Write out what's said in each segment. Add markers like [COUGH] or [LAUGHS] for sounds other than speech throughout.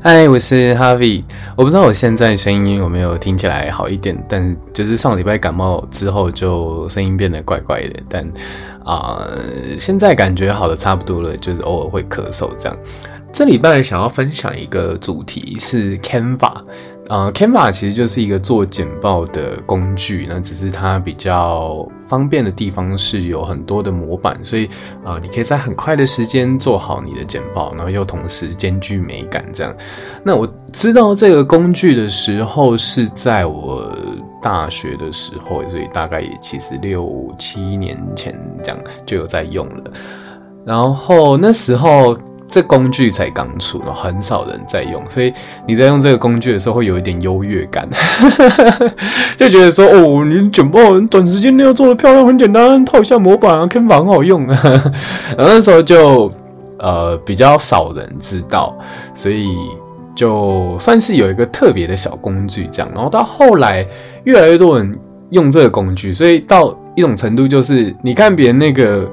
嗨，我是 Harvie，我不知道我現在聲音有沒有聽起來好一點，但就是上禮拜感冒之後就聲音變得怪怪的。但啊、呃，現在感覺好的差不多了，就是偶爾會咳嗽這樣。這禮拜想要分享一個主題是 Canva，啊、呃，Canva 其實就是一個做簡報的工具，那只是它比較方便的地方是有很多的模板，所以啊、呃，你可以在很快的時間做好你的簡報，然後又同時兼具美感這樣。那我知道這個工具的時候是在我大學的時候，所以大概也其實六七年前這樣就有在用了，然後那時候。這工具才剛出，很少人在用，所以你在用這個工具的時候會有一點優越感， [LAUGHS] 就覺得說哦，你簡報短時間內要做的漂亮，很簡單，套一下模板啊，Canva 很好用。 [LAUGHS] 然後那時候就呃比較少人知道，所以就算是有一個特別的小工具這樣。然後到後來，越來越多人用這個工具，所以到一種程度就是，你看別人那個。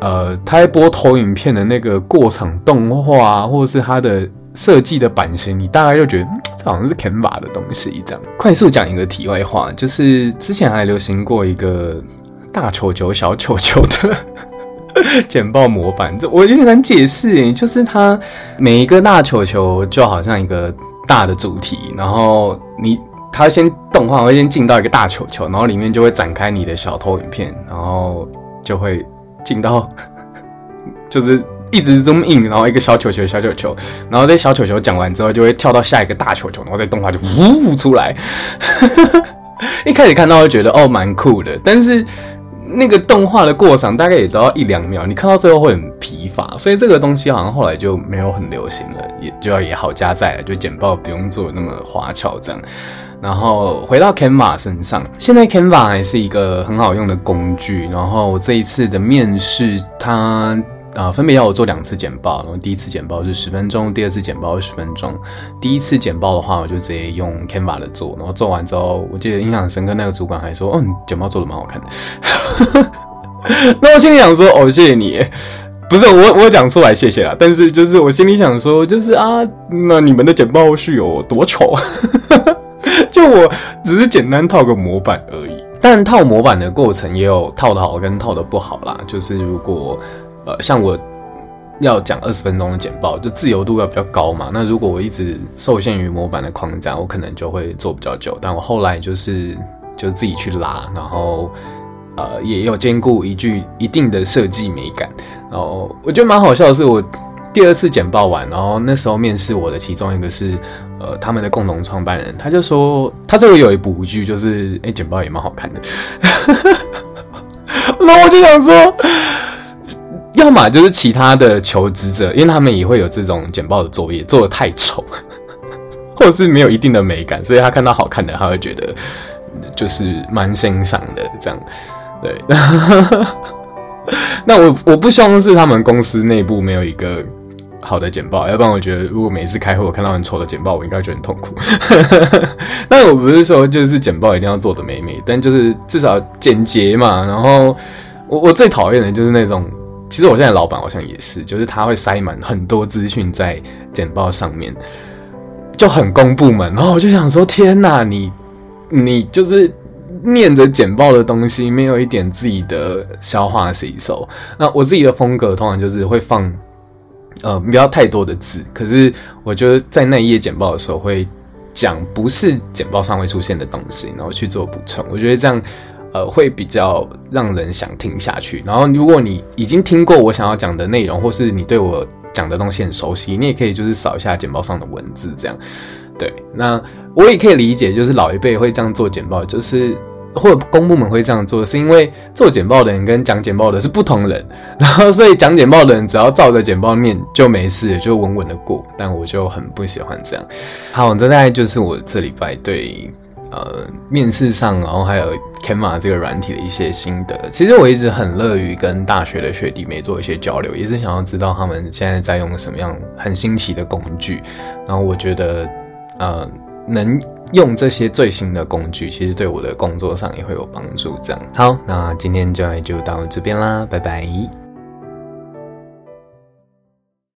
呃，他播投影片的那個過場動畫、啊，或是他的設計的版型，你大概就覺得這好像是 Canva 的東西。這樣快速講一個題外話，就是之前還流行過一個大球球、小球球的 [LAUGHS] 簡報模板，這我有點很難解釋、欸。就是他每一個大球球就好像一個大的主題，然後你他先動畫會先進到一個大球球，然後裡面就會展開你的小投影片，然後就會。進到就是一直 zoom in，然後一個小球球、小球球，然後這小球球講完之後就會跳到下一個大球球，然後這動畫就嗚嗚出來。 [LAUGHS] 一開始看到會覺得哦蠻酷的，但是那個動畫的過程大概也都要一兩秒，你看到最後會很疲乏，所以這個東西好像後來就沒有很流行了。也就要也好加載，就簡報，不用做那麼花俏這樣。然後回到 Canva 身上，現在 Canva 還是一個很好用的工具。然後我這一次的面試，他啊、呃、分別要我做兩次簡報，然後第一次簡報是十分鐘，第二次簡報是十分鐘。第一次簡報的話，我就直接用 Canva 的做，然後做完之後，我記得印象深刻，那個主管還說：“哦，你簡報做的蠻好看的。 [LAUGHS] ”那我心裡想說：“哦，謝謝你。”不是我，我講出來謝謝啦。但是就是我心裡想說，就是啊，那你們的簡報序有多醜？ [LAUGHS] 就我只是簡單套個模板而已。但套模板的過程也有套得好跟套得不好啦。就是如果呃像我要講二十分鐘的簡報，就自由度要比較高嘛。那如果我一直受限於模板的框架，我可能就會做比較久。但我後來就是就自己去拉，然後。呃，也有兼顧一句一定的設計美感。然後我覺得蠻好笑的是，我第二次簡報完，然後那時候面試我的其中一個是呃他們的共同創辦人，他就說他這裡有一部劇，就是哎、欸、簡報也蠻好看的。 [LAUGHS] 然後我就想說，要麼就是其他的求職者，因為他們也會有這種簡報的作業，做的太醜，或者是沒有一定的美感，所以他看到好看的，他會覺得就是蠻欣賞的這樣。對，哈哈哈，那我我不希望是他們公司內部沒有一個好的簡報，要不然我覺得如果每次開會我看到很醜的簡報，我應該會覺得很痛苦。哈哈哈，但我不是說就是簡報一定要做的美美，但就是至少簡潔嘛。然後我我最討厭的就是那種，其實我現在的老闆好像也是，就是他會塞滿很多資訊在簡報上面，就很公布嘛，然後我就想說，天哪，你你就是。念着簡報的東西，沒有一點自己的消化吸收。那我自己的風格通常就是會放，呃，不要太多的字。可是我覺得在那一頁簡報的時候，會講不是簡報上會出現的東西，然後去做補充。我覺得這樣，呃，會比較讓人想聽下去。然後，如果你已經聽過我想要講的內容，或是你對我講的東西很熟悉，你也可以就是掃一下簡報上的文字，這樣。對，那我也可以理解，就是老一輩會這樣做簡報，就是。或者公部門會這樣做，是因為做簡報的人跟講簡報的是不同人，然後所以講簡報的人只要照着簡報念就沒事，就穩穩的過。但我就很不喜歡這樣。好，這大概就是我這禮拜對呃面試上，然後還有 Canva 這個軟體的一些心得。其實我一直很樂於跟大學的學弟妹做一些交流，也是想要知道他們現在在用什麼樣很新奇的工具。然後我覺得，呃，能。用這些最新的工具，其實對我的工作上也會有幫助這樣。好，那今天就來就到這邊啦，拜拜。